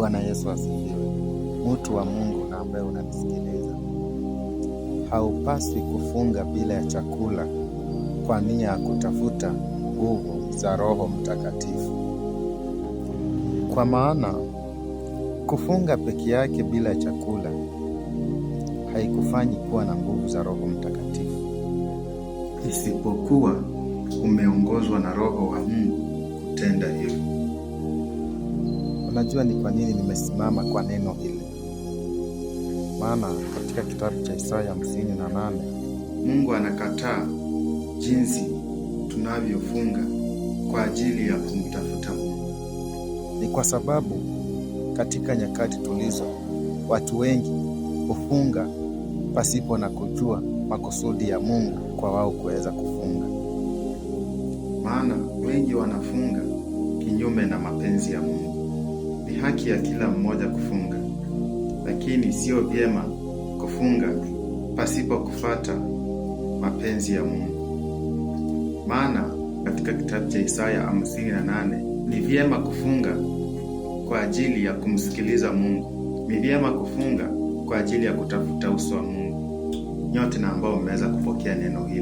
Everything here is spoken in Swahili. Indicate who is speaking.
Speaker 1: Bwana Yesu asifiwe. Mtu wa Mungu na ambaye unanisikiliza, haupaswi kufunga bila ya chakula kwa nia ya kutafuta nguvu za Roho Mtakatifu, kwa maana kufunga peke yake bila ya chakula haikufanyi kuwa na nguvu za Roho Mtakatifu,
Speaker 2: isipokuwa umeongozwa na Roho wa Mungu
Speaker 1: Unajua ni kwa nini nimesimama kwa neno hili? Maana katika kitabu cha Isaya hamsini na nane
Speaker 2: Mungu anakataa jinsi tunavyofunga kwa ajili ya kumtafuta Mungu.
Speaker 1: Ni kwa sababu katika nyakati tulizo, watu wengi hufunga pasipo na kujua makusudi ya Mungu kwa wao kuweza kufunga.
Speaker 2: Maana wengi wanafunga kinyume na mapenzi ya Mungu. Ni haki ya kila mmoja kufunga, lakini sio vyema kufunga pasipo kufata mapenzi ya Mungu. Maana katika kitabu cha Isaya 58 na nane ni vyema kufunga kwa ajili ya kumsikiliza Mungu, ni vyema kufunga kwa ajili ya kutafuta uso wa Mungu. Nyote na ambao mmeweza kupokea neno hili